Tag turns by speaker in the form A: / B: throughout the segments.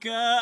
A: كافر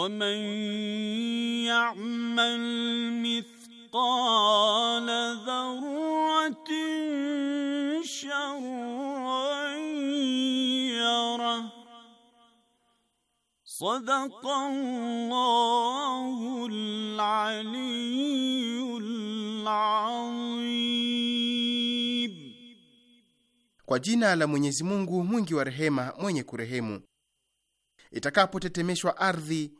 A: ومن يعمل مثقال ذره شرا يره صدق الله العلي العظيم
B: kwa jina la mwenyezi mungu mwingi wa rehema mwenye kurehemu itakapotetemeshwa ardhi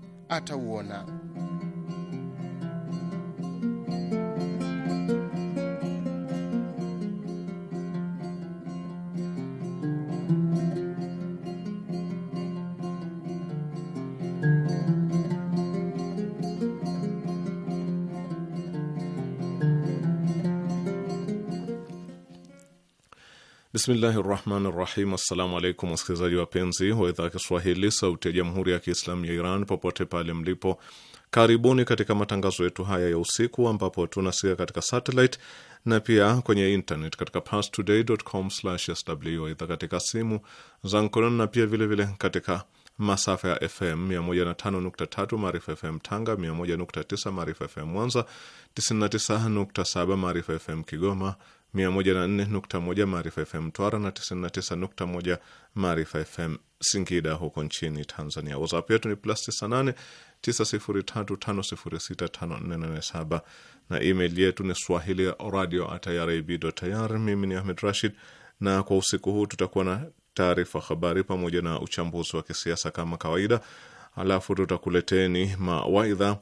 B: atauona.
C: Bismillahi rahmani rahim. Assalamu alaikum wasikilizaji wapenzi wa idhaa Kiswahili sauti ya jamhuri ya Kiislamu ya Iran popote pale mlipo, karibuni katika matangazo yetu haya ya usiku ambapo tunasikia katika satellite na pia kwenye internet katika pastodaycom sw aidha katika simu za mkononi na pia vilevile vile katika masafa ya FM 105.3 Maarifa FM Tanga, 101.9 Maarifa FM Mwanza, 99.7 Maarifa FM Kigoma 104.1 Maarifa FM Twara na 99.1 Maarifa FM Singida huko nchini Tanzania. WhatsApp yetu ni plus 98 na email yetu ni swahili radio irib.ir. Mimi ni Ahmed Rashid, na kwa usiku huu tutakuwa na taarifa habari pamoja na uchambuzi wa kisiasa kama kawaida, alafu tutakuleteni mawaidha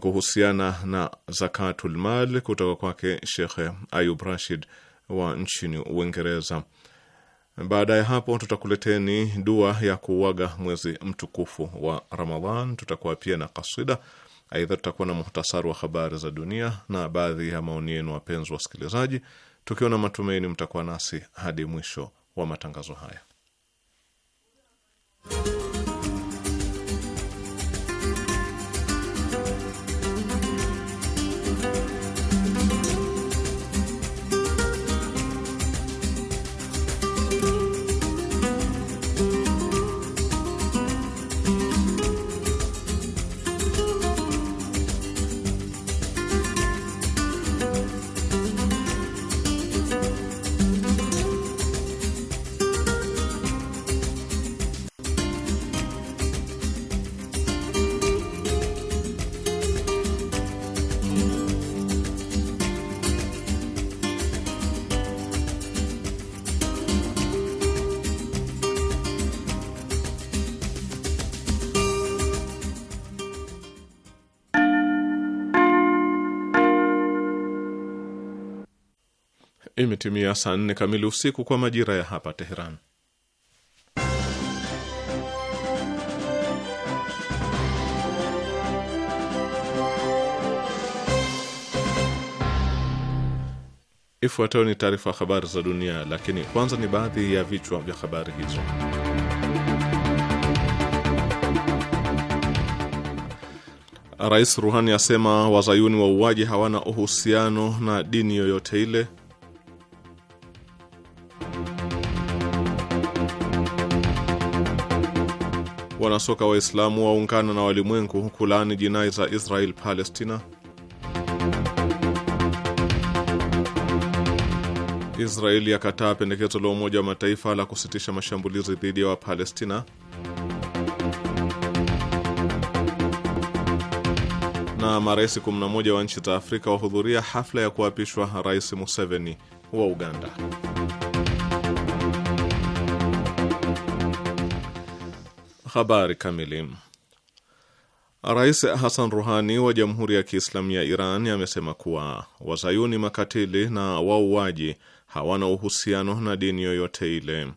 C: kuhusiana na zakatul mal kutoka kwake shekhe Ayub Rashid wa nchini Uingereza. Baada ya hapo tutakuleteni dua ya kuuaga mwezi mtukufu wa Ramadhan. Tutakuwa pia na kasida. Aidha, tutakuwa na muhtasari wa habari za dunia na baadhi ya maoni yenu, wapenzi wasikilizaji, tukiwa na matumaini mtakuwa nasi hadi mwisho wa matangazo haya. imetimia saa nne kamili usiku kwa majira ya hapa Teheran. Ifuatayo ni taarifa ya habari za dunia, lakini kwanza ni baadhi ya vichwa vya habari hizo. Rais Ruhani asema wazayuni wa uaji hawana uhusiano na dini yoyote ile. wanasoka Waislamu waungana na walimwengu kulaani jinai za Israel Palestina. Israeli yakataa pendekezo la Umoja wa Mataifa la kusitisha mashambulizi dhidi ya Wapalestina. Na marais 11 wa nchi za Afrika wahudhuria hafla ya kuapishwa Rais Museveni wa Uganda. Habari kamili. Rais Hassan Ruhani wa Jamhuri ya Kiislamu ya Iran amesema kuwa wazayuni makatili na wauaji hawana uhusiano na dini yoyote ile.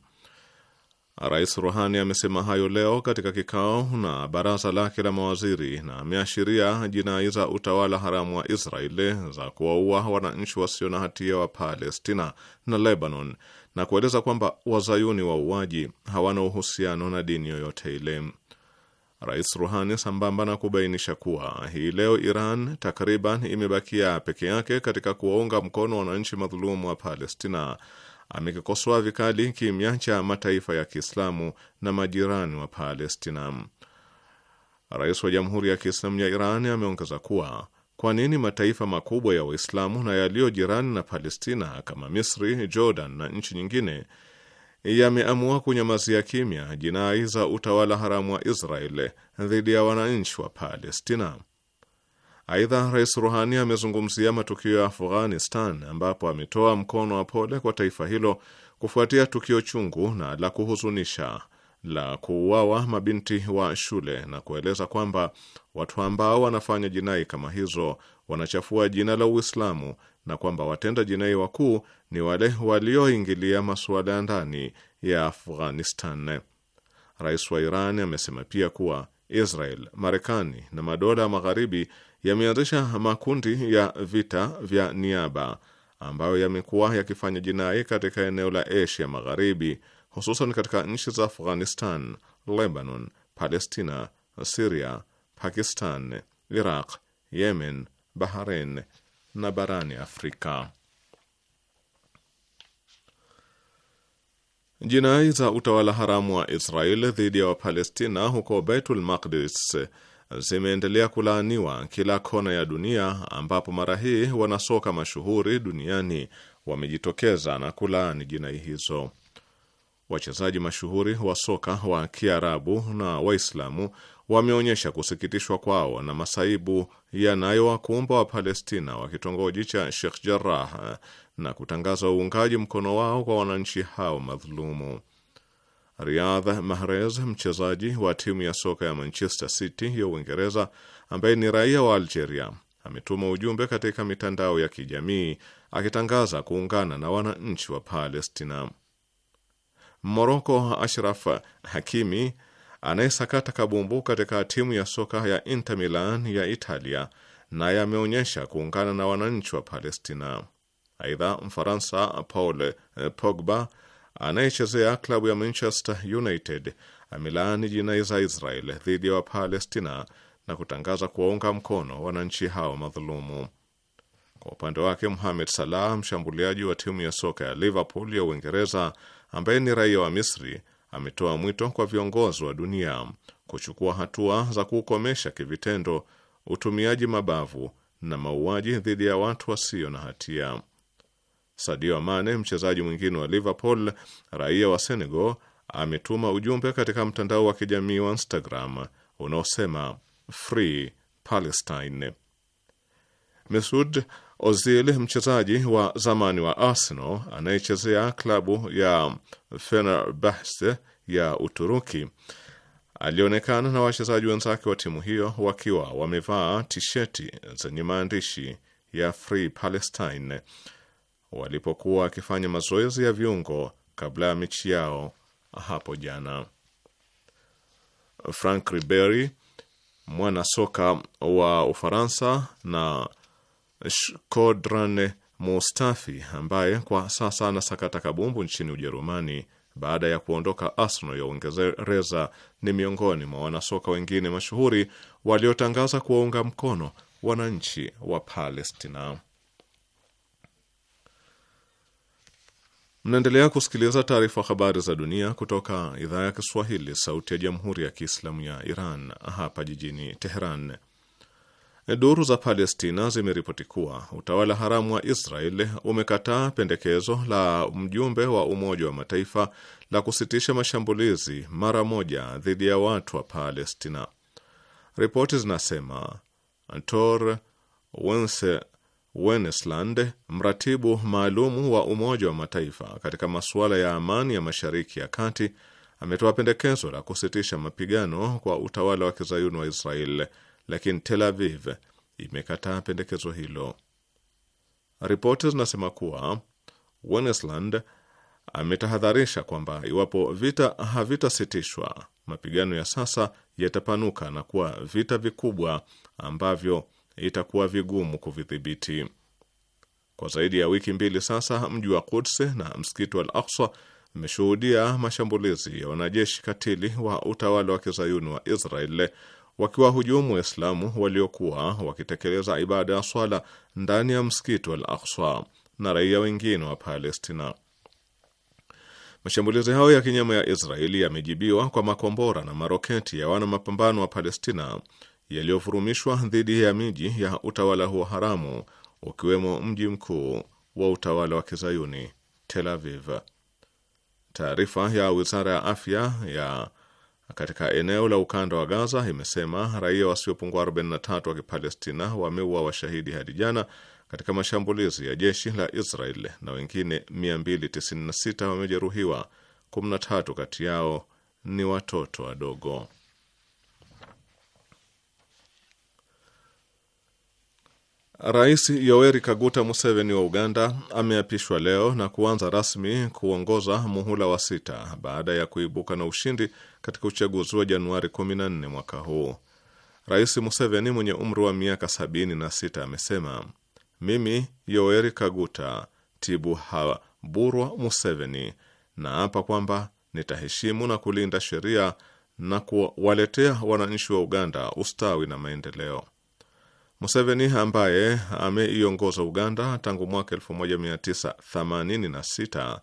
C: Rais Ruhani amesema hayo leo katika kikao na baraza lake la mawaziri na ameashiria jinai za utawala haramu wa Israeli za kuwaua wananchi wasio na hatia wa Palestina na Lebanon na kueleza kwamba wazayuni wauaji hawana uhusiano na dini yoyote ile. Rais Ruhani, sambamba na kubainisha kuwa hii leo Iran takriban imebakia peke yake katika kuwaunga mkono wananchi madhulumu wa Palestina, amekikosoa vikali kimya cha mataifa ya Kiislamu na majirani wa Palestina. Rais wa Jamhuri ya Kiislamu ya Iran ameongeza kuwa kwa nini mataifa makubwa ya Waislamu na yaliyo jirani na Palestina kama Misri, Jordan na nchi nyingine yameamua kunyamazia kimya jinai za utawala haramu wa Israeli dhidi ya wananchi wa Palestina? Aidha, Rais Ruhani amezungumzia matukio ya Afghanistan ambapo ametoa mkono wa pole kwa taifa hilo kufuatia tukio chungu na la kuhuzunisha la kuuawa mabinti wa shule na kueleza kwamba watu ambao wanafanya jinai kama hizo wanachafua jina la Uislamu na kwamba watenda jinai wakuu ni wale walioingilia masuala ya ndani ya Afghanistan. Rais wa Iran amesema pia kuwa Israel, Marekani na madola ya magharibi yameanzisha makundi ya vita vya niaba ambayo yamekuwa yakifanya jinai katika eneo la Asia Magharibi hususan katika nchi za Afghanistan, Lebanon, Palestina, Siria, Pakistan, Iraq, Yemen, Bahrain na barani Afrika. Jinai za utawala haramu wa Israel dhidi ya Wapalestina huko Baitul Maqdis zimeendelea kulaaniwa kila kona ya dunia, ambapo mara hii wanasoka mashuhuri duniani wamejitokeza na kulaani jinai hizo wachezaji mashuhuri wa soka wa Kiarabu na Waislamu wameonyesha kusikitishwa kwao na masaibu yanayowakumba Wapalestina wa kitongoji cha Sheikh Jarrah na kutangaza uungaji mkono wao kwa wananchi hao madhulumu. Riyadh Mahrez, mchezaji wa timu ya soka ya Manchester City ya Uingereza ambaye ni raia wa Algeria, ametuma ujumbe katika mitandao ya kijamii akitangaza kuungana na wananchi wa Palestina. Moroko Ashraf Hakimi anayesakata kabumbu katika timu ya soka ya Inter Milan ya Italia naye ameonyesha kuungana na wananchi wa Palestina. Aidha, Mfaransa Paul Pogba anayechezea klabu ya Manchester United amelaani jinai za Israel dhidi ya Wapalestina na kutangaza kuwaunga mkono wananchi hao madhulumu. Kwa upande wake, Mohamed Salah mshambuliaji wa timu ya soka ya Liverpool ya Uingereza ambaye ni raia wa Misri ametoa mwito kwa viongozi wa dunia kuchukua hatua za kukomesha kivitendo utumiaji mabavu na mauaji dhidi ya watu wasio na hatia. Sadio Amane, mchezaji mwingine wa Liverpool, raia wa Senegal, ametuma ujumbe katika mtandao wa kijamii wa Instagram unaosema Free Palestine. Mesud Ozil, mchezaji wa zamani wa Arsenal anayechezea klabu ya Fenerbahce ya Uturuki, alionekana na wachezaji wenzake wa timu hiyo wakiwa wamevaa tisheti zenye maandishi ya Free Palestine walipokuwa wakifanya mazoezi ya viungo kabla ya mechi yao hapo jana. Frank Ribery, mwana soka wa Ufaransa na Shkodran Mustafi ambaye kwa sasa anasakata kabumbu nchini Ujerumani baada ya kuondoka Arsenal ya Uingereza ni miongoni mwa wanasoka wengine mashuhuri waliotangaza kuwaunga mkono wananchi wa Palestina. Mnaendelea kusikiliza taarifa habari za dunia kutoka idhaa ya Kiswahili, sauti ya jamhuri ya kiislamu ya Iran, hapa jijini Teheran. Duru za Palestina zimeripoti kuwa utawala haramu wa israel umekataa pendekezo la mjumbe wa Umoja wa Mataifa la kusitisha mashambulizi mara moja dhidi ya watu wa Palestina. Ripoti zinasema Tor Wense Wenesland, mratibu maalumu wa Umoja wa Mataifa katika masuala ya amani ya Mashariki ya Kati, ametoa pendekezo la kusitisha mapigano kwa utawala wa kizayuni wa Israeli lakini Tel Aviv imekataa pendekezo hilo. Ripoti zinasema kuwa Wennesland ametahadharisha kwamba iwapo vita havitasitishwa, mapigano ya sasa yatapanuka na kuwa vita vikubwa ambavyo itakuwa vigumu kuvidhibiti. Kwa zaidi ya wiki mbili sasa, mji wa Quds na msikiti wa Al-Aqsa ameshuhudia mashambulizi ya wanajeshi katili wa utawala wa kizayuni wa Israel wakiwahujumu Waislamu waliokuwa wakitekeleza ibada ya swala ndani ya msikiti Al Aqsa na raia wengine wa Palestina. Mashambulizi hayo ya kinyama ya Israeli yamejibiwa kwa makombora na maroketi ya wana mapambano wa Palestina yaliyofurumishwa dhidi ya miji ya utawala huo haramu ukiwemo mji mkuu wa utawala wa kizayuni Tel Aviv. Taarifa ya wizara ya afya ya katika eneo la ukanda wa Gaza imesema raia wasiopungua 43 wa Kipalestina wameua washahidi hadi jana katika mashambulizi ya jeshi la Israel na wengine 296 wamejeruhiwa, 13 kati yao ni watoto wadogo. Rais Yoweri Kaguta Museveni wa Uganda ameapishwa leo na kuanza rasmi kuongoza muhula wa sita baada ya kuibuka na ushindi katika uchaguzi wa Januari 14 mwaka huu. Rais Museveni mwenye umri wa miaka 76 amesema, mimi Yoweri Kaguta Tibuhaburwa Museveni naapa kwamba nitaheshimu na kulinda sheria na kuwaletea wananchi wa Uganda ustawi na maendeleo. Museveni ambaye ameiongoza Uganda tangu mwaka 1986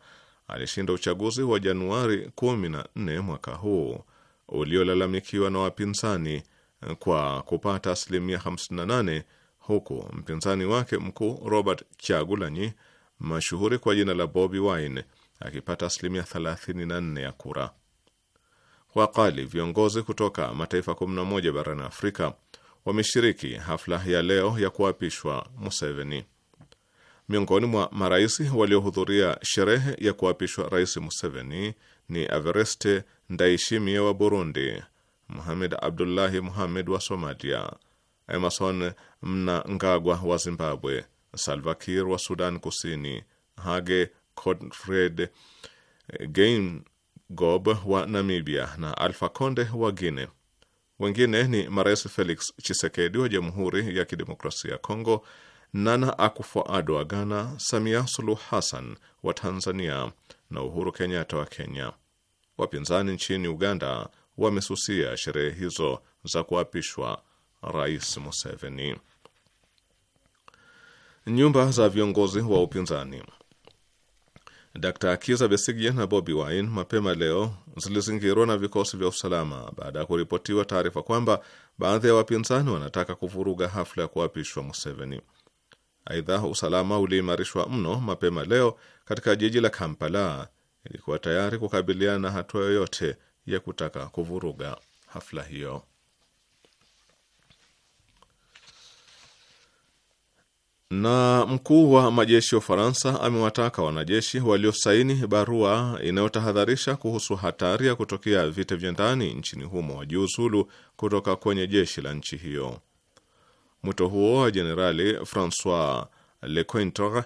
C: alishinda uchaguzi wa Januari 14 mwaka huu uliolalamikiwa na wapinzani kwa kupata asilimia 58 huku mpinzani wake mkuu Robert chagulanyi mashuhuri kwa jina la Bobi Wine akipata asilimia 34 ya kura. Wakali viongozi kutoka mataifa 11 barani Afrika wameshiriki hafla ya leo ya kuapishwa Museveni. Miongoni mwa marais waliohudhuria sherehe ya kuapishwa Rais Museveni ni Avereste Ndaishimie wa Burundi, Muhamed Abdullahi Muhamed wa Somalia, Emerson Mnangagwa wa Zimbabwe, Salva Kiir wa Sudan Kusini, Hage Godfred Geingob wa Namibia na Alpha Konde wa Guinea. Wengine ni marais Felix Chisekedi wa Jamhuri ya Kidemokrasia ya Kongo, Nana Akufo-Addo wa Ghana, Samia Suluhu Hassan wa Tanzania na Uhuru Kenyatta wa Kenya. Wapinzani nchini Uganda wamesusia sherehe hizo za kuapishwa Rais Museveni. Nyumba za viongozi wa upinzani Dr Kiza Besigye na Bobi Wine mapema leo zilizingirwa na vikosi vya usalama baada ya kuripotiwa taarifa kwamba baadhi ya wapinzani wanataka kuvuruga hafla ya kuapishwa Museveni. Aidha, usalama uliimarishwa mno mapema leo katika jiji la Kampala ilikuwa tayari kukabiliana na hatua yoyote ya kutaka kuvuruga hafla hiyo. Na mkuu wa majeshi wa Ufaransa amewataka wanajeshi waliosaini barua inayotahadharisha kuhusu hatari ya kutokea vita vya ndani nchini humo wajiuzulu kutoka kwenye jeshi la nchi hiyo. Mwito huo wa Jenerali Francois Lecointre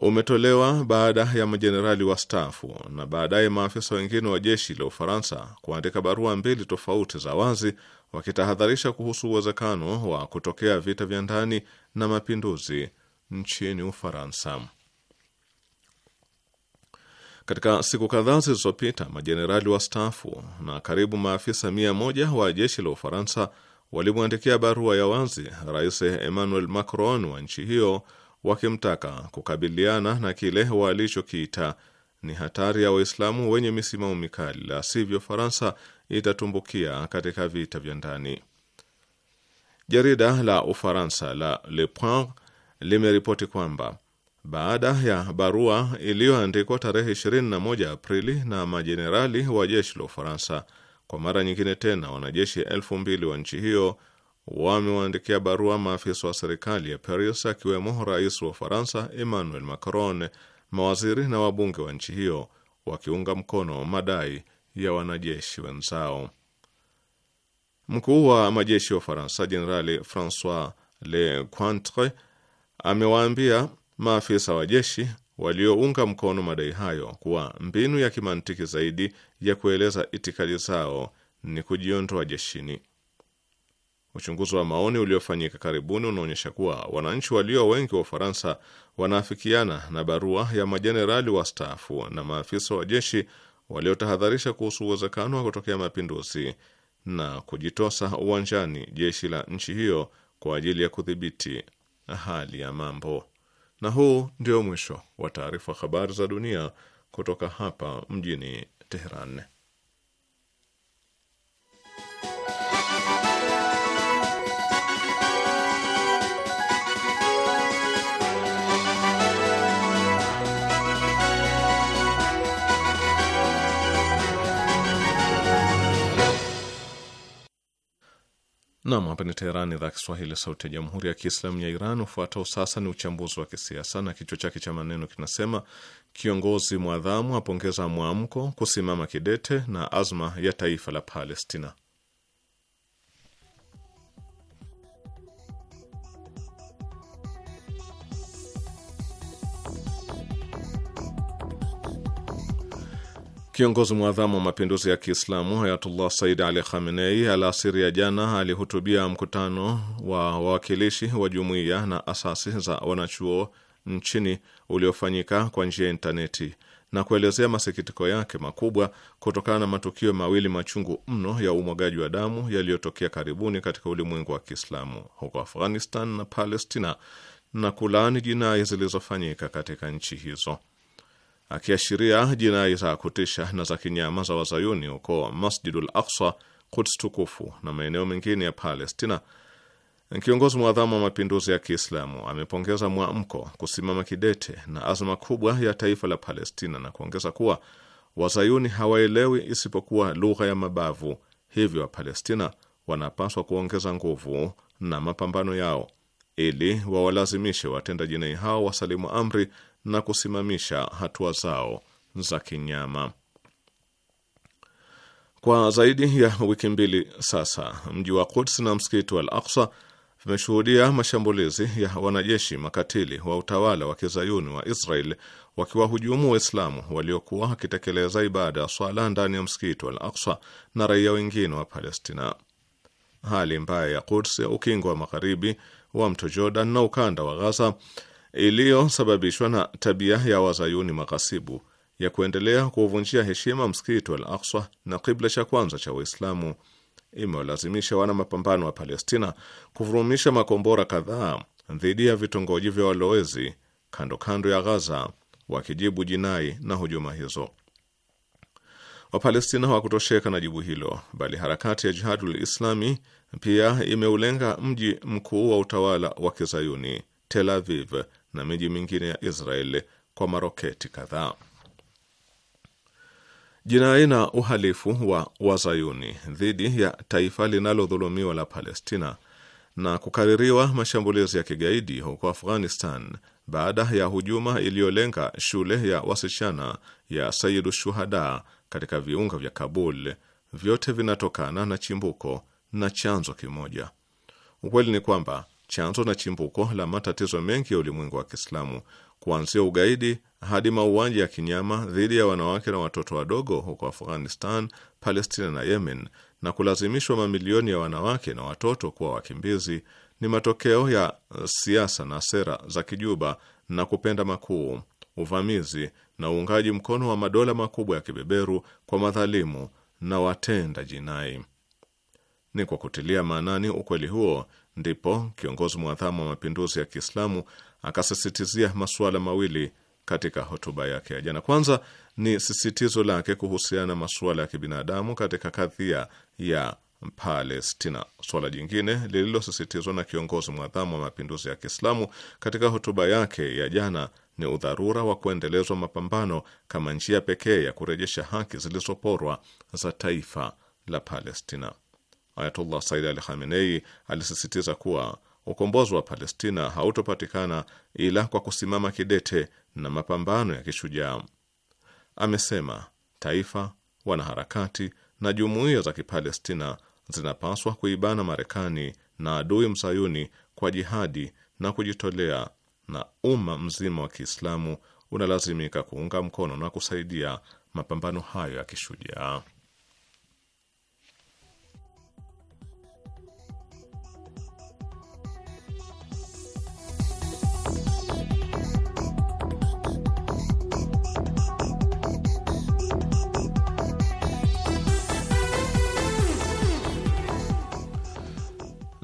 C: umetolewa baada ya majenerali wastaafu na baadaye maafisa wengine wa jeshi la Ufaransa kuandika barua mbili tofauti za wazi wakitahadharisha kuhusu uwezekano wa kutokea vita vya ndani na mapinduzi nchini Ufaransa. Katika siku kadhaa zilizopita, majenerali stafu na karibu maafisa mia moja wa jeshi la Ufaransa walimwandikia barua ya wazi Rais Emmanuel Macron wa nchi hiyo wakimtaka kukabiliana na kile walichokiita ni hatari ya Waislamu wenye misimamo mikali, la sivyo Faransa itatumbukia katika vita vya ndani. Jarida la Ufaransa la Le Point limeripoti kwamba baada ya barua iliyoandikwa tarehe 21 Aprili na majenerali wa jeshi la Ufaransa, kwa mara nyingine tena wanajeshi elfu mbili wa nchi hiyo wamewaandikia barua maafisa wa serikali ya Paris, akiwemo rais wa Ufaransa Emmanuel Macron mawaziri na wabunge wa nchi hiyo wakiunga mkono madai ya wanajeshi wenzao. Mkuu wa majeshi ya Ufaransa Jenerali Francois Le Quantre amewaambia maafisa wa jeshi waliounga mkono madai hayo kuwa mbinu ya kimantiki zaidi ya kueleza itikadi zao ni kujiondoa jeshini. Uchunguzi wa maoni uliofanyika karibuni unaonyesha kuwa wananchi walio wengi wa Ufaransa wanaafikiana na barua ya majenerali wastaafu na maafisa wa jeshi waliotahadharisha kuhusu uwezekano wa kutokea mapinduzi na kujitosa uwanjani jeshi la nchi hiyo kwa ajili ya kudhibiti hali ya mambo. Na huu ndio mwisho wa taarifa habari za dunia kutoka hapa mjini Teheran. Nam, hapa ni Teherani, idhaa Kiswahili, sauti ya jamhuri ya kiislamu ya Iran. Ufuatao sasa ni uchambuzi wa kisiasa na kichwa chake cha maneno kinasema: kiongozi mwadhamu apongeza mwamko, kusimama kidete na azma ya taifa la Palestina. Kiongozi mwadhamu wa mapinduzi ya Kiislamu Ayatullah Said Ali Khamenei alasiri ya jana alihutubia mkutano wa wawakilishi wa jumuiya na asasi za wanachuo nchini uliofanyika kwa njia ya intaneti na kuelezea masikitiko yake makubwa kutokana na matukio mawili machungu mno ya umwagaji wa damu yaliyotokea karibuni katika ulimwengu wa Kiislamu huko Afghanistan na Palestina na kulaani jinai zilizofanyika katika nchi hizo akiashiria jinai za kutisha na za kinyama za wazayuni huko Masjidul Aqsa, Quds tukufu na maeneo mengine ya Palestina. Kiongozi mwadhamu wa mapinduzi ya Kiislamu amepongeza mwamko, kusimama kidete na azma kubwa ya taifa la Palestina na kuongeza kuwa wazayuni hawaelewi isipokuwa lugha ya mabavu, hivyo Wapalestina wanapaswa kuongeza nguvu na mapambano yao ili wawalazimishe watenda jinai hao wasalimu amri na kusimamisha hatua zao za kinyama. Kwa zaidi ya wiki mbili sasa, mji wa Quds na msikiti wa Al-Aqsa vimeshuhudia mashambulizi ya wanajeshi makatili wa utawala wa kizayuni wa Israel wakiwahujumu Waislamu waliokuwa wakitekeleza ibada ya swala ndani ya msikiti wa Al-Aqsa na raia wengine wa Palestina. Hali mbaya ya Quds ya ukingo wa magharibi wa mto Jordan na ukanda wa ghaza iliyosababishwa na tabia ya wazayuni maghasibu ya kuendelea kuuvunjia heshima msikiti Al akswa na kibla cha kwanza cha Waislamu imewalazimisha wana mapambano wa Palestina kuvurumisha makombora kadhaa dhidi ya vitongoji vya walowezi kando kando ya Ghaza wakijibu jinai na hujuma hizo. Wapalestina hawakutosheka na jibu hilo, bali harakati ya Jihadul Islami pia imeulenga mji mkuu wa utawala wa kizayuni Tel Aviv na miji mingine ya Israeli kwa maroketi kadhaa. Jinai na uhalifu wa wazayuni dhidi ya taifa linalodhulumiwa la Palestina na kukaririwa mashambulizi ya kigaidi huko Afghanistan baada ya hujuma iliyolenga shule ya wasichana ya Sayyidu Shuhada katika viunga vya Kabul vyote vinatokana na chimbuko na chanzo kimoja. Ukweli ni kwamba chanzo na chimbuko la matatizo mengi ya ulimwengu wa Kiislamu, kuanzia ugaidi hadi mauaji ya kinyama dhidi ya wanawake na watoto wadogo huko Afghanistan, Palestina na Yemen, na kulazimishwa mamilioni ya wanawake na watoto kuwa wakimbizi ni matokeo ya siasa na sera za kijuba na kupenda makuu, uvamizi na uungaji mkono wa madola makubwa ya kibeberu kwa madhalimu na watenda jinai. Ni kwa kutilia maanani ukweli huo ndipo kiongozi mwadhamu wa mapinduzi ya Kiislamu akasisitizia masuala mawili katika hotuba yake ya jana. Kwanza ni sisitizo lake kuhusiana na masuala ya kibinadamu katika kadhia ya Palestina. Suala jingine lililosisitizwa na kiongozi mwadhamu wa mapinduzi ya Kiislamu katika hotuba yake ya jana ni udharura wa kuendelezwa mapambano kama njia pekee ya kurejesha haki zilizoporwa za taifa la Palestina. Ayatullah Said Ali Khamenei alisisitiza kuwa ukombozi wa Palestina hautopatikana ila kwa kusimama kidete na mapambano ya kishujaa. Amesema taifa, wanaharakati na jumuiya za Kipalestina zinapaswa kuibana Marekani na adui msayuni kwa jihadi na kujitolea, na umma mzima wa Kiislamu unalazimika kuunga mkono na kusaidia mapambano hayo ya kishujaa.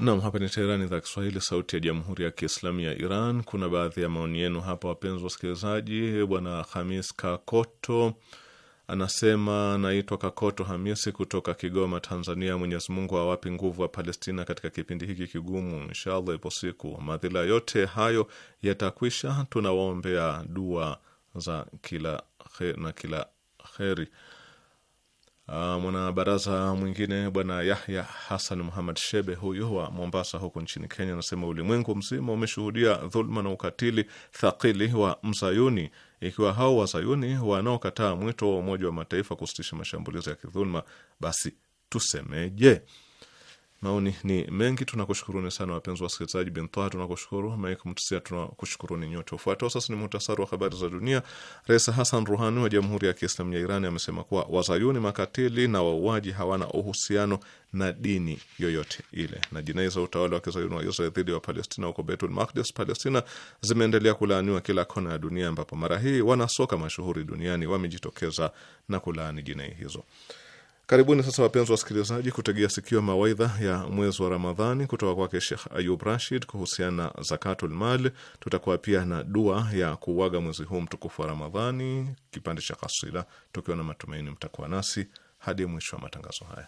C: Nam, hapa ni Teherani, idhaa Kiswahili, sauti ya jamhuri ya kiislamu ya Iran. Kuna baadhi ya maoni yenu hapa, wapenzi wasikilizaji. Bwana Hamis Kakoto anasema, naitwa Kakoto Hamisi kutoka Kigoma, Tanzania. Mwenyezi Mungu awapi nguvu wa Palestina katika kipindi hiki kigumu. Inshallah, ipo siku madhila yote hayo yatakwisha. Tunawaombea dua za kila kheri na kila heri. Uh, ah, mwanabaraza mwingine bwana Yahya Hassan Muhammad Shebe huyu wa Mombasa huko nchini Kenya anasema ulimwengu mzima umeshuhudia dhuluma na ukatili thakili wa msayuni. Ikiwa hao wazayuni wanaokataa mwito wa Umoja wa Mataifa kusitisha mashambulizi ya kidhuluma, basi tusemeje? Maoni ni mengi, tunakushukuruni sana wapenzi wasikilizaji. Bintoa tunakushukuru, Mike Mtisia tunakushukuruni nyote. Ufuatao sasa ni muhtasari wa habari za dunia. Rais Hassan Ruhani wa Jamhuri ya Kiislamu ya Iran amesema kuwa wazayuni makatili na wauaji hawana uhusiano na dini yoyote ile, na jinai za utawala wa kizayuni wa Israel dhidi ya Wapalestina huko Betul Makdis, Palestina, zimeendelea kulaaniwa kila kona ya dunia, ambapo mara hii wanasoka mashuhuri duniani wamejitokeza na kulaani jinai hizo. Karibuni sasa wapenzi wasikilizaji, kutegea sikio mawaidha ya mwezi wa Ramadhani kutoka kwake Shekh Ayub Rashid kuhusiana na zakatul mal. Tutakuwa pia na dua ya kuuaga mwezi huu mtukufu wa Ramadhani, kipande cha kasida, tukiwa na matumaini mtakuwa nasi hadi mwisho wa matangazo haya.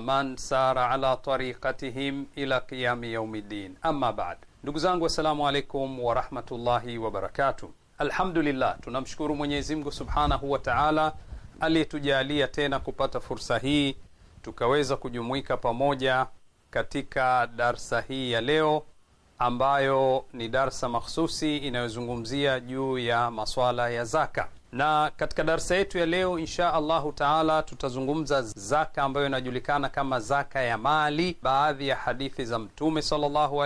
D: man sara ala tariqatihim ila qiyami yaumiddin. Amma baad, ndugu zangu, assalamu alaikum warahmatullahi wabarakatuh. Alhamdulillah, tunamshukuru Mwenyezi Mungu subhanahu wa taala aliyetujalia tena kupata fursa hii tukaweza kujumuika pamoja katika darsa hii ya leo ambayo ni darsa makhsusi inayozungumzia juu ya maswala ya zaka, na katika darsa yetu ya leo insha Allahu taala tutazungumza zaka ambayo inajulikana kama zaka ya mali, baadhi ya hadithi za Mtume sallallahu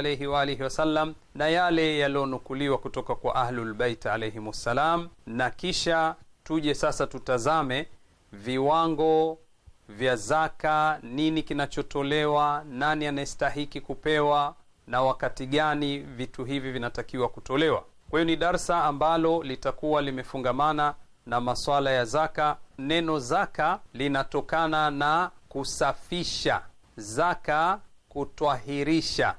D: wasallam na yale yaliyonukuliwa kutoka kwa Ahlulbeit alayhim wassalam na kisha tuje sasa tutazame viwango vya zaka, nini kinachotolewa, nani anayestahiki kupewa na wakati gani vitu hivi vinatakiwa kutolewa. Kwa hiyo ni darsa ambalo litakuwa limefungamana na maswala ya zaka. Neno zaka linatokana na kusafisha, zaka kutwahirisha,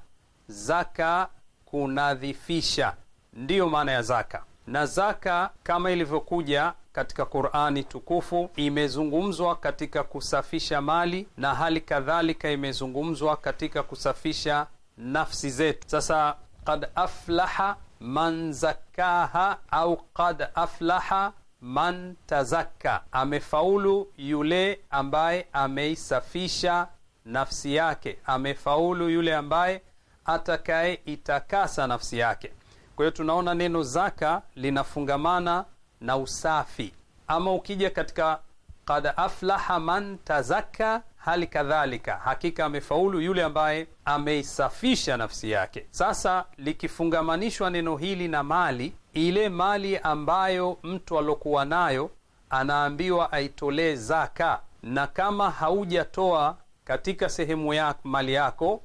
D: zaka kunadhifisha, ndiyo maana ya zaka. Na zaka kama ilivyokuja katika Qur'ani tukufu imezungumzwa katika kusafisha mali na hali kadhalika imezungumzwa katika kusafisha nafsi zetu. Sasa qad aflaha man zakaha au qad aflaha man tazakka, amefaulu yule ambaye ameisafisha nafsi yake, amefaulu yule ambaye atakaye itakasa nafsi yake. Kwa hiyo tunaona neno zaka linafungamana na usafi. Ama ukija katika qad aflaha man tazakka hali kadhalika, hakika amefaulu yule ambaye ameisafisha nafsi yake. Sasa likifungamanishwa neno hili na mali, ile mali ambayo mtu alokuwa nayo anaambiwa aitolee zaka, na kama haujatoa katika sehemu ya mali yako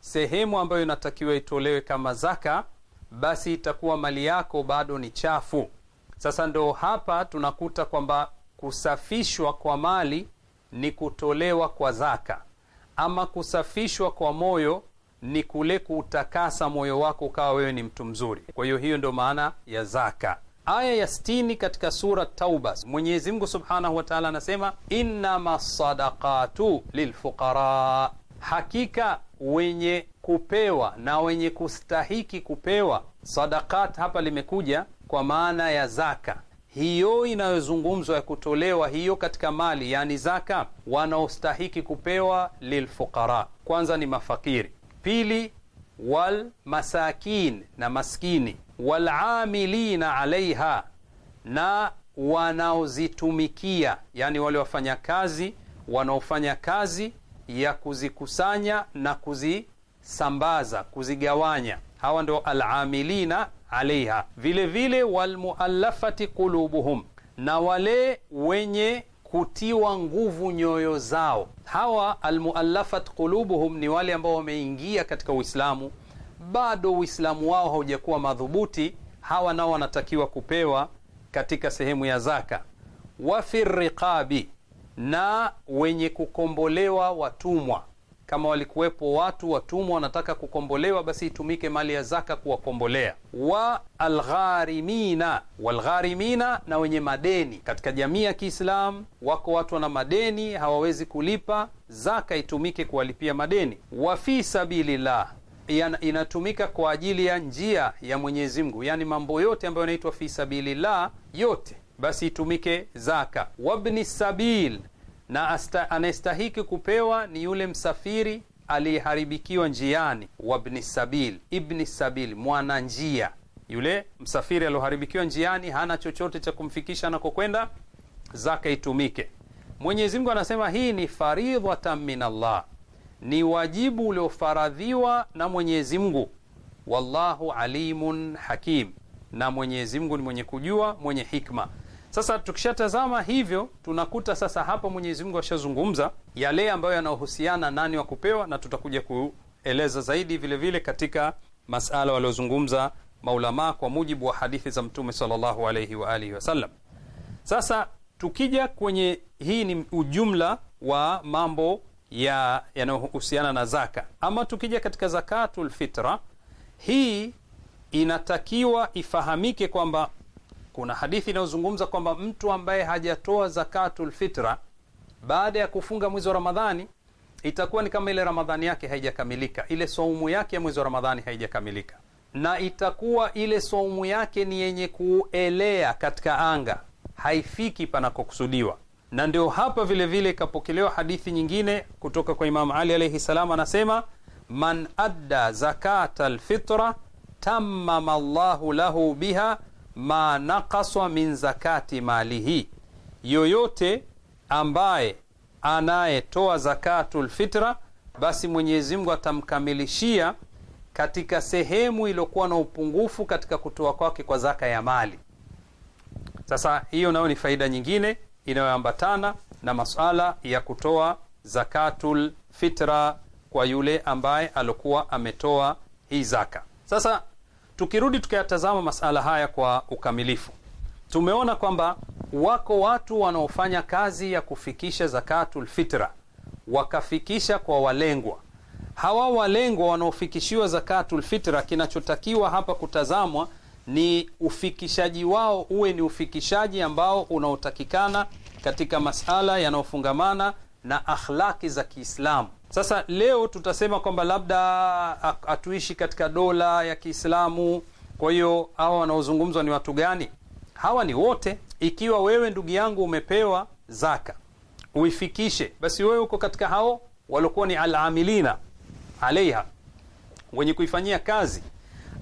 D: sehemu ambayo inatakiwa itolewe kama zaka, basi itakuwa mali yako bado ni chafu. Sasa ndo hapa tunakuta kwamba kusafishwa kwa mali ni kutolewa kwa zaka, ama kusafishwa kwa moyo ni kule kuutakasa moyo wako ukawa wewe ni mtu mzuri. Kwa hiyo hiyo ndio maana ya zaka. Aya ya sitini katika sura Tauba, Mwenyezi Mungu subhanahu wa taala anasema innama sadakatu lilfuqara, hakika wenye kupewa na wenye kustahiki kupewa. Sadakat hapa limekuja kwa maana ya zaka hiyo inayozungumzwa ya kutolewa hiyo katika mali, yani zaka, wanaostahiki kupewa lilfuqara, kwanza ni mafakiri, pili walmasakin na maskini, walamilina alaiha, na wanaozitumikia, yani wale wafanya kazi wanaofanya kazi ya kuzikusanya na kuzisambaza, kuzigawanya. Hawa ndio alamilina alaiha, vilevile walmuallafati qulubuhum, na wale wenye kutiwa nguvu nyoyo zao. Hawa almuallafat qulubuhum ni wale ambao wameingia katika Uislamu, bado Uislamu wao haujakuwa madhubuti. Hawa nao wanatakiwa kupewa katika sehemu ya zaka. Wafi riqabi, na wenye kukombolewa watumwa kama walikuwepo watu watumwa wanataka kukombolewa, basi itumike mali ya zaka kuwakombolea. wa algharimina walgharimina, na wenye madeni katika jamii ya Kiislamu wako watu wana madeni hawawezi kulipa, zaka itumike kuwalipia madeni. wa fi sabilillah inatumika kwa ajili ya njia ya Mwenyezi Mungu, yani mambo yote ambayo yanaitwa fi sabilillah yote, basi itumike zaka. wabni sabil na anayestahiki kupewa ni yule msafiri aliyeharibikiwa njiani, wabni sabil, ibni sabil, mwana njia. Yule msafiri alioharibikiwa njiani hana chochote cha kumfikisha anakokwenda, zaka itumike. Mwenyezi Mungu anasema hii ni faridhatan min Allah, ni wajibu uliofaradhiwa na Mwenyezi Mungu. Wallahu alimun hakim, na Mwenyezi Mungu ni mwenye kujua, mwenye hikma. Sasa tukishatazama hivyo, tunakuta sasa hapa Mwenyezi Mungu ashazungumza yale ambayo yanahusiana nani wa kupewa, na tutakuja kueleza zaidi vilevile vile katika masala waliozungumza maulamaa kwa mujibu wa hadithi za Mtume sallallahu alayhi wa alihi wasallam. Sasa tukija kwenye hii, ni ujumla wa mambo ya yanayohusiana na zaka. Ama tukija katika zakatul fitra, hii inatakiwa ifahamike kwamba kuna hadithi inayozungumza kwamba mtu ambaye hajatoa zakatul fitra baada ya kufunga mwezi wa Ramadhani itakuwa ni kama ile Ramadhani yake haijakamilika, ile saumu yake ya mwezi wa Ramadhani haijakamilika, na itakuwa ile saumu yake ni yenye kuelea katika anga, haifiki panakokusudiwa. Na ndio hapa vilevile ikapokelewa hadithi nyingine kutoka kwa Imamu Ali alaihi salam, anasema man adda zakata lfitra tamama llahu lahu biha ma nakaswa min zakati malihi, yoyote ambaye anayetoa zakatu fitra, basi Mwenyezi Mungu atamkamilishia katika sehemu iliyokuwa na upungufu katika kutoa kwake kwa zaka ya mali. Sasa hiyo nayo ni faida nyingine inayoambatana na masuala ya kutoa zakatul fitra kwa yule ambaye alikuwa ametoa hii zaka. Sasa Tukirudi tukayatazama masala haya kwa ukamilifu, tumeona kwamba wako watu wanaofanya kazi ya kufikisha zakatul fitra wakafikisha kwa walengwa. Hawa walengwa wanaofikishiwa zakatul fitra, kinachotakiwa hapa kutazamwa ni ufikishaji wao uwe ni ufikishaji ambao unaotakikana katika masala yanayofungamana na akhlaki za Kiislamu. Sasa leo tutasema kwamba labda hatuishi katika dola ya Kiislamu, kwa hiyo hawa wanaozungumzwa ni watu gani? Hawa ni wote. Ikiwa wewe ndugu yangu umepewa zaka uifikishe, basi wewe uko katika hao waliokuwa ni alamilina aleiha, wenye kuifanyia kazi.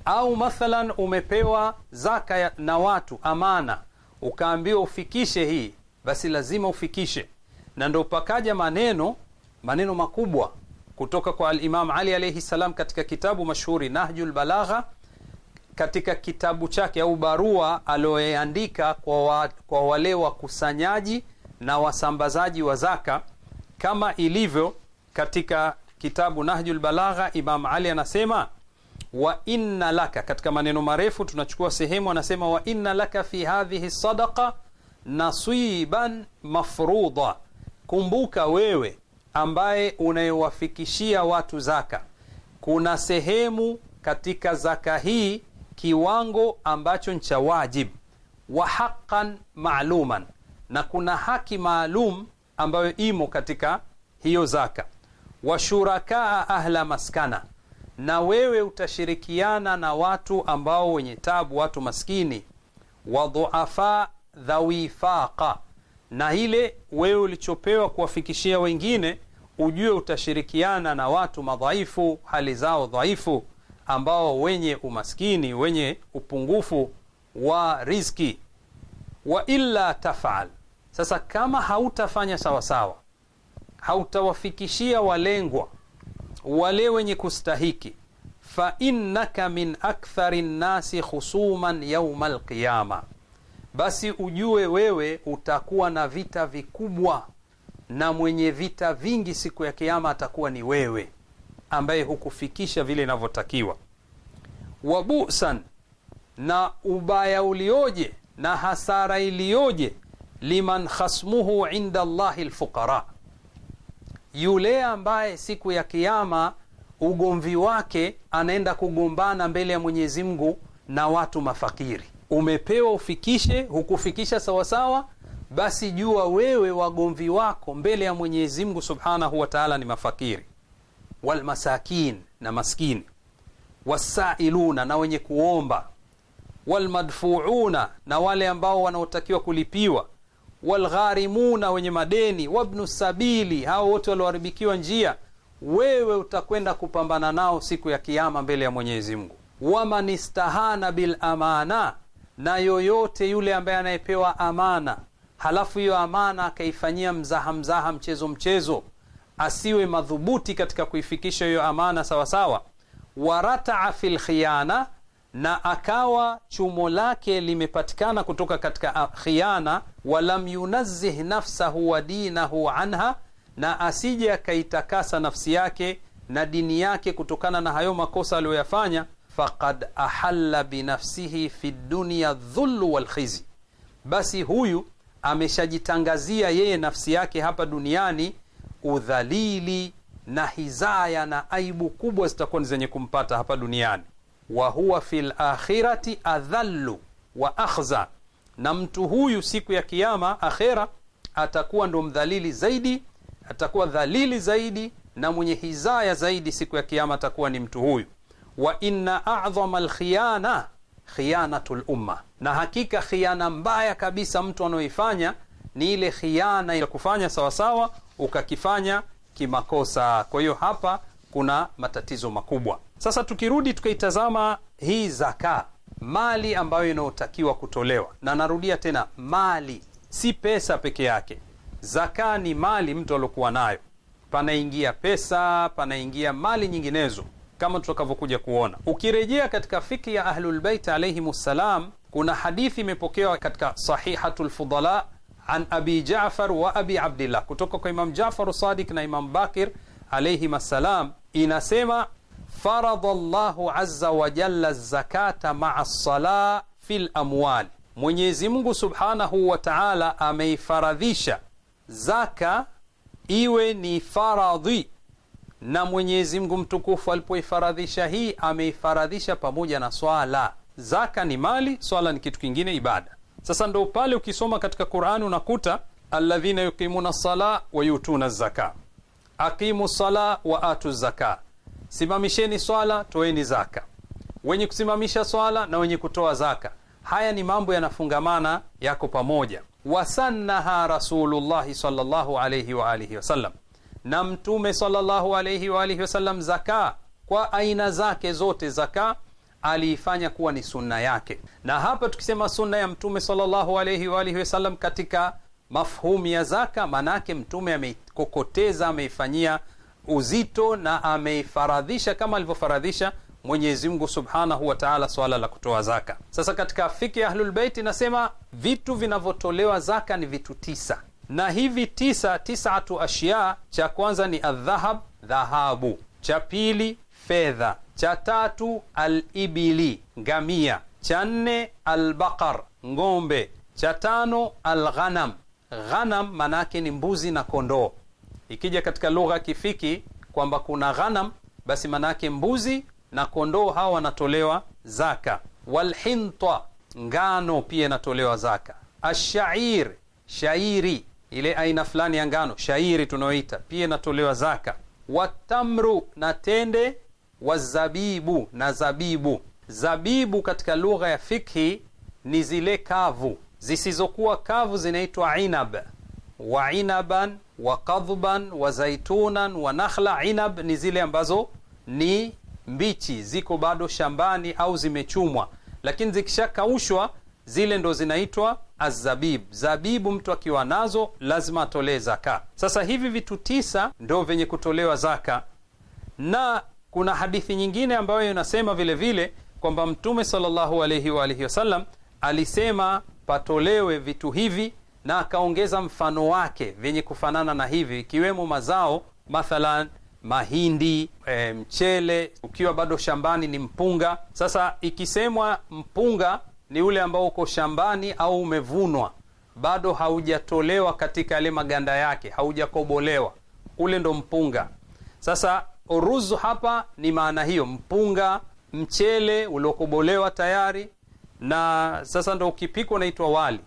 D: Au mathalan umepewa zaka na watu amana, ukaambiwa ufikishe hii, basi lazima ufikishe na ndo pakaja maneno maneno makubwa kutoka kwa Alimam Ali alaihi salam katika kitabu mashuhuri nahju lbalagha katika kitabu chake au barua aliyoandika kwa, wa, kwa wale wakusanyaji na wasambazaji wa zaka kama ilivyo katika kitabu nahju lbalagha Imam Ali anasema wa inna laka, katika maneno marefu tunachukua sehemu, anasema wa inna laka fi hadhihi sadaqa nasiban mafruda Kumbuka wewe ambaye unayewafikishia watu zaka, kuna sehemu katika zaka hii kiwango ambacho ni cha wajib wa haqan maaluman, na kuna haki maalum ambayo imo katika hiyo zaka. Washurakaa ahla maskana, na wewe utashirikiana na watu ambao wenye tabu, watu maskini. Wadhuafa dhawifaqa na ile wewe ulichopewa kuwafikishia wengine, ujue utashirikiana na watu madhaifu, hali zao dhaifu, ambao wenye umaskini, wenye upungufu wa riski Wa illa tafal, sasa kama hautafanya sawasawa, hautawafikishia walengwa wale wenye kustahiki, fa innaka min akthari nnasi khusuman yauma alqiyama basi ujue wewe utakuwa na vita vikubwa, na mwenye vita vingi siku ya Kiama atakuwa ni wewe ambaye hukufikisha vile inavyotakiwa. Wabusan, na ubaya ulioje na hasara iliyoje! Liman khasmuhu inda llahi lfuqara, yule ambaye siku ya Kiama ugomvi wake anaenda kugombana mbele ya Mwenyezi Mungu na watu mafakiri umepewa ufikishe, hukufikisha sawasawa, basi jua wewe wagomvi wako mbele ya Mwenyezi Mungu subhanahu wa taala ni mafakiri, walmasakin na maskini, wasailuna na wenye kuomba, walmadfuuna na wale ambao wanaotakiwa kulipiwa, walgharimuna wenye madeni, wabnu sabili, hao wote walioharibikiwa njia, wewe utakwenda kupambana nao siku ya Kiama mbele ya Mwenyezi Mungu. Waman istahana bil amana na yoyote yule ambaye anayepewa amana halafu hiyo amana akaifanyia mzaha mzaha, mchezo mchezo, asiwe madhubuti katika kuifikisha hiyo amana sawasawa. Warataa fi lkhiyana, na akawa chumo lake limepatikana kutoka katika khiana. Walam yunazih nafsahu wa dinahu anha, na asije akaitakasa nafsi yake na dini yake kutokana na hayo makosa aliyoyafanya faqad ahalla binafsihi fi dunya dhulu walkhizi, basi huyu ameshajitangazia yeye nafsi yake hapa duniani udhalili na hizaya na aibu kubwa zitakuwa ni zenye kumpata hapa duniani. Wa huwa fi lakhirati adhallu wa akhza, na mtu huyu siku ya kiama akhera, atakuwa ndo mdhalili zaidi, atakuwa dhalili zaidi na mwenye hizaya zaidi siku ya kiama atakuwa ni mtu huyu wa inna a'dhama khiyanatu khiyanatul umma, na hakika khiana mbaya kabisa mtu anaoifanya ni ile khiana ya kufanya sawasawa ukakifanya kimakosa. Kwa hiyo hapa kuna matatizo makubwa. Sasa tukirudi tukaitazama hii zaka, mali ambayo inayotakiwa kutolewa, na narudia tena, mali si pesa peke yake. Zaka ni mali mtu aliokuwa nayo, panaingia pesa, panaingia mali nyinginezo kama tutakavyokuja kuona. Ukirejea katika fiki ya Ahlulbeit alaihim ssalam, kuna hadithi imepokewa katika Sahihatu lfudala an abi Jafar wa abi Abdillah, kutoka kwa Imam Jafar sadik na Imam Bakir alaihim assalam, inasema faradha llahu azza wa jalla zakata maa lsala fi lamwali, Mwenyezi Mungu subhanahu wa taala ameifaradhisha zaka iwe ni faradhi na Mwenyezi Mungu mtukufu alipoifaradhisha hii ameifaradhisha pamoja na swala. Zaka ni mali, swala ni kitu kingine, ibada. Sasa ndo pale ukisoma katika Qur'ani unakuta alladhina yuqimuna sala wa yutuna zaka, aqimu sala wa atu zaka, simamisheni swala, toeni zaka. Wenye kusimamisha swala na wenye kutoa zaka, haya ni mambo yanafungamana, yako pamoja. Wasannaha Rasulullahi sallallahu alayhi wa alihi wasallam na Mtume sallallahu alayhi wa alihi wasallam zaka kwa aina zake zote, zaka aliifanya kuwa ni sunna yake. Na hapa tukisema sunna ya Mtume sallallahu alayhi wa alihi wasallam katika mafhumu ya zaka, maanake Mtume ameikokoteza, ameifanyia uzito na ameifaradhisha kama alivyofaradhisha Mwenyezi Mungu subhanahu wa taala swala la kutoa zaka. Sasa katika fiki ya Ahlulbeiti inasema vitu vinavyotolewa zaka ni vitu tisa na hivi tisa, tisatu ashya, cha kwanza ni aldhahab, dhahabu, cha pili fedha, cha tatu alibili, ngamia, cha nne albaqar, ng'ombe, cha tano alghanam. Ghanam manake ni mbuzi na kondoo. Ikija katika lugha ya kifiki kwamba kuna ghanam, basi manake mbuzi na kondoo hawa wanatolewa zaka. Walhinta, ngano pia inatolewa zaka. Ashair, shairi ile aina fulani ya ngano shairi tunayoita pia inatolewa zaka. Watamru na tende, wazabibu na zabibu. Zabibu katika lugha ya fikhi ni zile kavu, zisizokuwa kavu zinaitwa inab wa inaban wa kadhban wa zaitunan wa nakhla. Inab ni zile ambazo ni mbichi, ziko bado shambani au zimechumwa, lakini zikishakaushwa zile ndo zinaitwa azabib. Zabibu mtu akiwa nazo lazima atolee zaka. Sasa hivi vitu tisa ndo vyenye kutolewa zaka, na kuna hadithi nyingine ambayo inasema vilevile kwamba Mtume sallallahu alaihi wa alihi wasallam alisema patolewe vitu hivi, na akaongeza mfano wake vyenye kufanana na hivi, ikiwemo mazao mathalan mahindi e, mchele ukiwa bado shambani ni mpunga. Sasa ikisemwa mpunga ni ule ambao uko shambani au umevunwa, bado haujatolewa katika yale maganda yake, haujakobolewa, ule ndo mpunga. Sasa uruzu hapa ni maana hiyo, mpunga, mchele uliokobolewa tayari, na sasa ndo ukipikwa unaitwa wali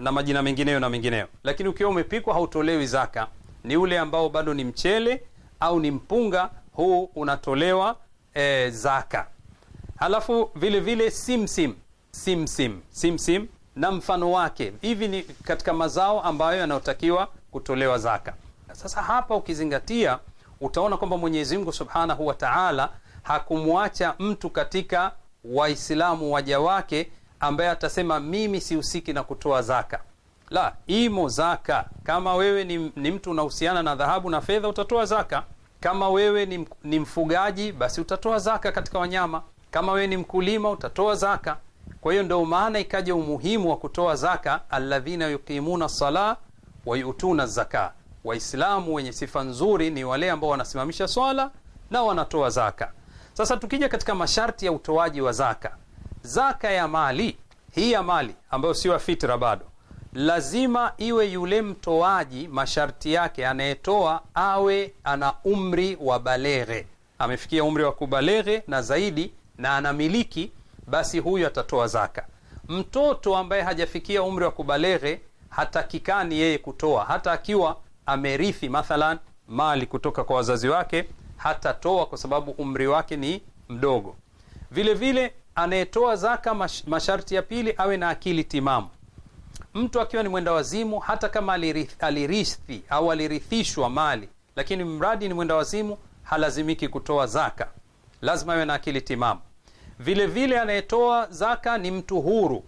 D: na majina mengineyo na mengineyo. Lakini ukiwa umepikwa hautolewi zaka, ni ule ambao bado ni mchele au ni mpunga, huu unatolewa e, zaka. Halafu vile vile simsim simsim simsim na mfano wake. Hivi ni katika mazao ambayo yanayotakiwa kutolewa zaka. Sasa hapa ukizingatia, utaona kwamba Mwenyezi Mungu Subhanahu wa Ta'ala hakumwacha mtu katika Waislamu waja wake ambaye atasema mimi sihusiki na kutoa zaka. La, imo zaka. Kama wewe ni, ni mtu unahusiana na dhahabu na fedha, utatoa zaka. Kama wewe ni, ni mfugaji, basi utatoa zaka katika wanyama. Kama wewe ni mkulima, utatoa zaka. Kwa hiyo ndo maana ikaja umuhimu wa kutoa zaka, alladhina yuqimuna sala wa yutuna zaka. Waislamu wenye sifa nzuri ni wale ambao wanasimamisha swala na wanatoa zaka. Sasa tukija katika masharti ya utoaji wa zaka, zaka ya mali hii ya mali ambayo sio fitra bado, lazima iwe yule mtoaji, masharti yake anayetoa awe ana umri wa baleghe, amefikia umri wa kubaleghe na zaidi, na anamiliki basi huyu atatoa zaka. Mtoto ambaye hajafikia umri wa kubalehe hatakikani yeye kutoa, hata akiwa amerithi mathalan mali kutoka kwa wazazi wake hatatoa, kwa sababu umri wake ni mdogo. Vilevile vile anayetoa zaka, masharti ya pili, awe na akili timamu. Mtu akiwa ni mwenda wazimu, hata kama alirithi au alirithishwa mali, lakini mradi ni mwenda wazimu, halazimiki kutoa zaka. Lazima awe na akili timamu. Vile vile anayetoa zaka ni mtu huru.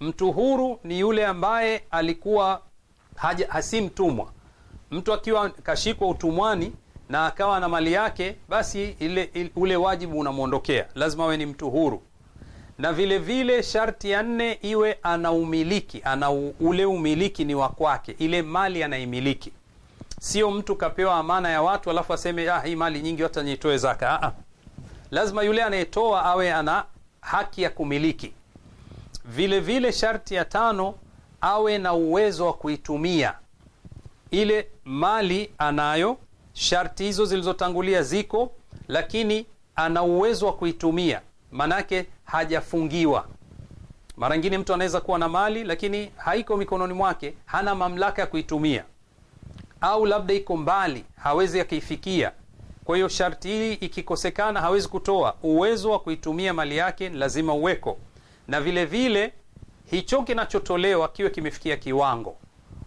D: Mtu huru ni yule ambaye alikuwa haja, hasi mtumwa. Mtu akiwa kashikwa utumwani na akawa na mali yake, basi ile, ile, ule wajibu unamwondokea, lazima awe ni mtu huru. Na vile vile sharti ya nne iwe anaumiliki, ana ule umiliki ni wa kwake, ile mali anaimiliki, sio mtu kapewa amana ya watu alafu aseme ah, hii mali nyingi hata nitoe zaka lazima yule anayetoa awe ana haki ya kumiliki. Vile vile sharti ya tano awe na uwezo wa kuitumia ile mali anayo. Sharti hizo zilizotangulia ziko, lakini ana uwezo wa kuitumia, manake hajafungiwa. Mara nyingine mtu anaweza kuwa na mali lakini haiko mikononi mwake, hana mamlaka ya kuitumia, au labda iko mbali, hawezi akaifikia kwa hiyo sharti hili ikikosekana, hawezi kutoa. Uwezo wa kuitumia mali yake lazima uweko, na vile vile hicho kinachotolewa kiwe kimefikia kiwango.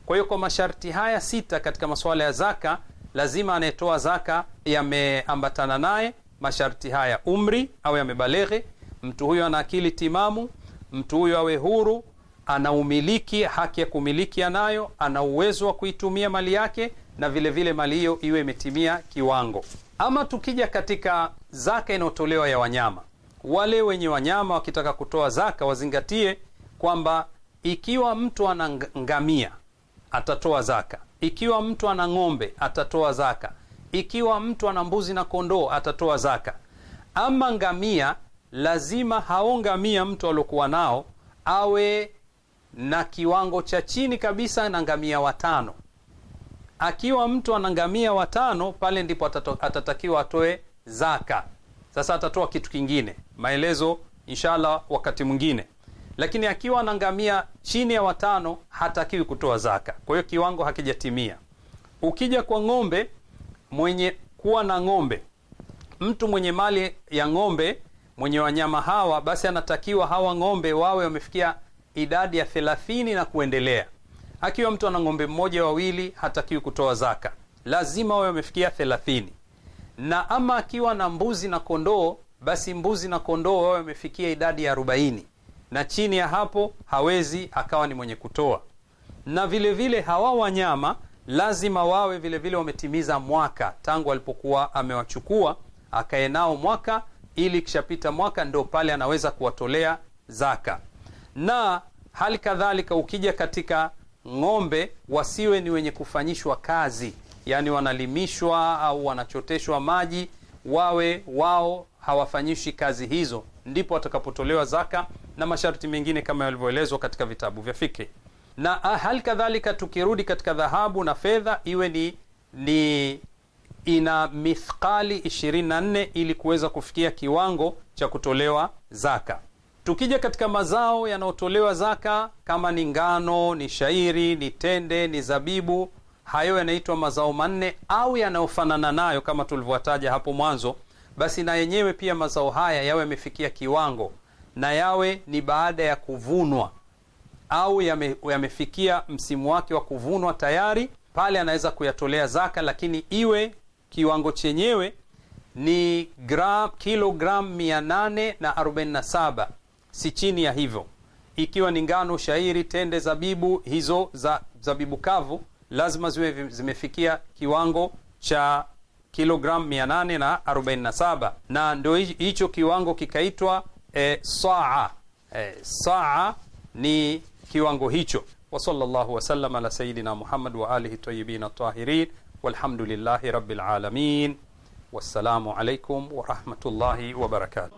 D: Kwa hiyo kwa masharti haya sita katika masuala ya zaka, lazima anayetoa zaka yameambatana naye masharti haya: umri au yamebaleghe, mtu huyo ana akili timamu, mtu huyo awe huru, ana umiliki, haki ya kumiliki anayo, ana uwezo wa kuitumia mali yake, na vilevile vile mali hiyo iwe imetimia kiwango. Ama tukija katika zaka inayotolewa ya wanyama, wale wenye wanyama wakitaka kutoa zaka wazingatie kwamba ikiwa mtu ana ngamia atatoa zaka, ikiwa mtu ana ng'ombe atatoa zaka, ikiwa mtu ana mbuzi na kondoo atatoa zaka. Ama ngamia, lazima hao ngamia mtu aliokuwa nao awe na kiwango cha chini kabisa na ngamia watano akiwa mtu ana ngamia watano, pale ndipo atatakiwa atoe zaka. Sasa atatoa kitu kingine, maelezo inshallah wakati mwingine. Lakini akiwa ana ngamia chini ya watano hatakiwi kutoa zaka, kwa hiyo kiwango hakijatimia. Ukija kwa ng'ombe, mwenye kuwa na ng'ombe, mtu mwenye mali ya ng'ombe, mwenye wanyama hawa, basi anatakiwa hawa ng'ombe wawe wamefikia idadi ya thelathini na kuendelea akiwa mtu ana ng'ombe mmoja wawili, hatakiwi kutoa zaka, lazima wawe wamefikia thelathini. Na ama akiwa na mbuzi na kondoo, basi mbuzi na kondoo wawe wamefikia idadi ya arobaini, na chini ya hapo hawezi akawa ni mwenye kutoa. Na vilevile vile hawa wanyama lazima wawe vilevile wametimiza mwaka tangu alipokuwa amewachukua akae nao mwaka, ili kishapita mwaka ndo pale anaweza kuwatolea zaka. Na hali kadhalika ukija katika ng'ombe wasiwe ni wenye kufanyishwa kazi, yani wanalimishwa au wanachoteshwa maji, wawe wao hawafanyishi kazi hizo, ndipo watakapotolewa zaka na masharti mengine kama yalivyoelezwa katika vitabu vya fiki. Na ah, hali kadhalika, tukirudi katika dhahabu na fedha, iwe ni, ni ina mithqali 24 ili kuweza kufikia kiwango cha kutolewa zaka. Tukija katika mazao yanayotolewa zaka, kama ni ngano, ni shairi, ni tende, ni zabibu, hayo yanaitwa mazao manne au yanayofanana nayo kama tulivyotaja hapo mwanzo. Basi na yenyewe pia mazao haya yawe yamefikia kiwango na yawe ni baada ya kuvunwa au yame, yamefikia msimu wake wa kuvunwa tayari, pale anaweza kuyatolea zaka, lakini iwe kiwango chenyewe ni kilogramu 847 si chini ya hivyo, ikiwa ni ngano, shairi, tende, zabibu. Hizo za zabibu kavu lazima ziwe zimefikia kiwango cha kilogramu 847 na na ndio hicho kiwango kikaitwa e, saa e, saa ni kiwango hicho. wa sallallahu wa sallam ala sayidina Muhammad wa alihi tayyibin tahirin walhamdulillahi rabbil alamin. Wassalamu alaikum wa rahmatullahi wa barakatuh.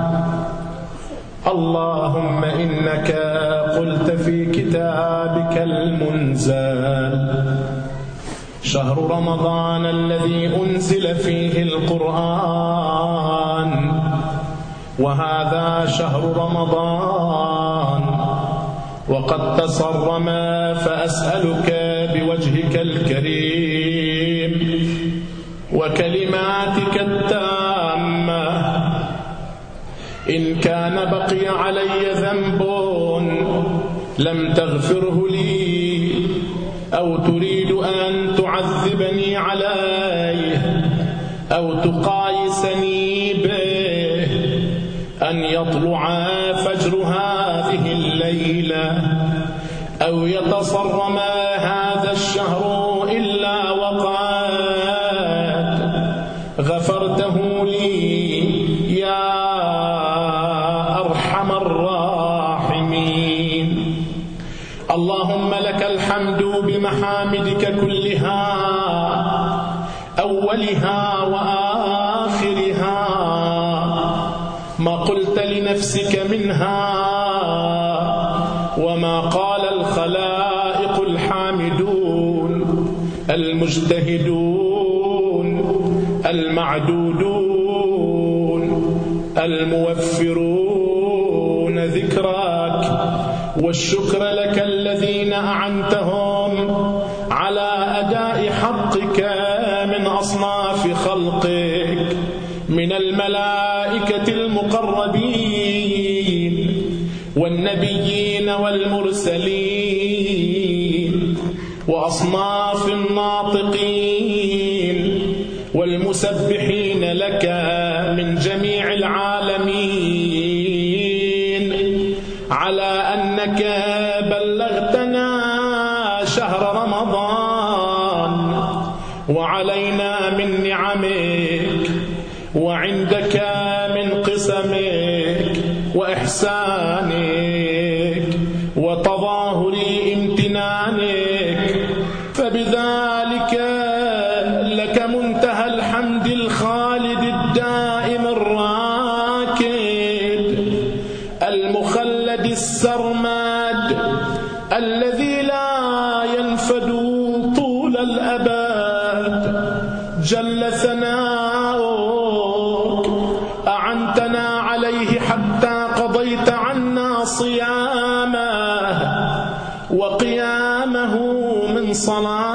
E: اللهم إنك قلت في كتابك المنزل شهر رمضان الذي أنزل فيه القرآن وهذا شهر رمضان وقد تصرم
A: فأسألك بوجهك الكريم
E: إن كان بقي علي ذنب لم تغفره لي أو تريد أن تعذبني عليه أو تقايسني به أن يطلع فجر هذه الليلة أو يتصرم هذا الشهر إلا وقد غفرته الموفرون ذكرك والشكر لك الذين أعنتهم على أداء حقك من أصناف خلقك من الملائكة المقربين والنبيين والمرسلين وأصناف الناطقين والمسبحين لك جميع العالمين على أنك بلغتنا شهر رمضان وعلينا من نعمك وعندك حتى قضيت عنا صيامه وقيامه من صلاه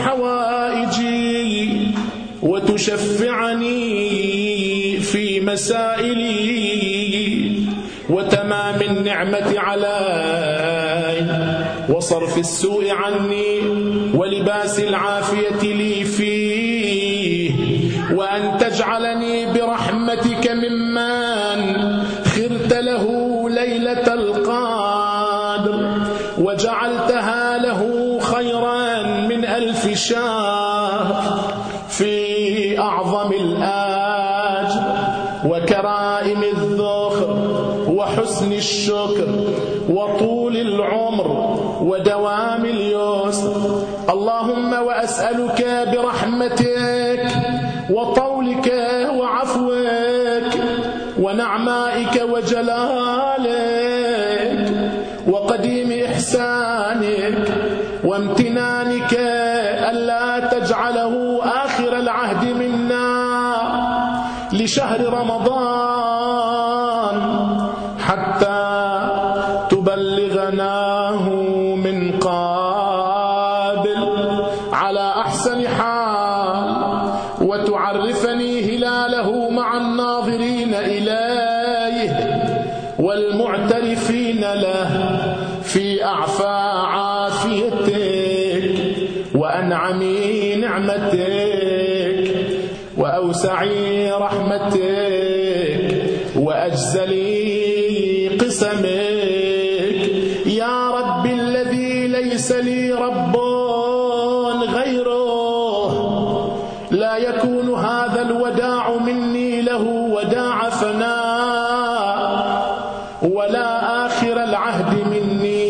E: حوائجي وتشفعني في مسائلي وتمام النعمة علي وصرف السوء عني ولباس العافية لي فيه وأن تجعلني برحمة لشهر ولا آخر العهد مني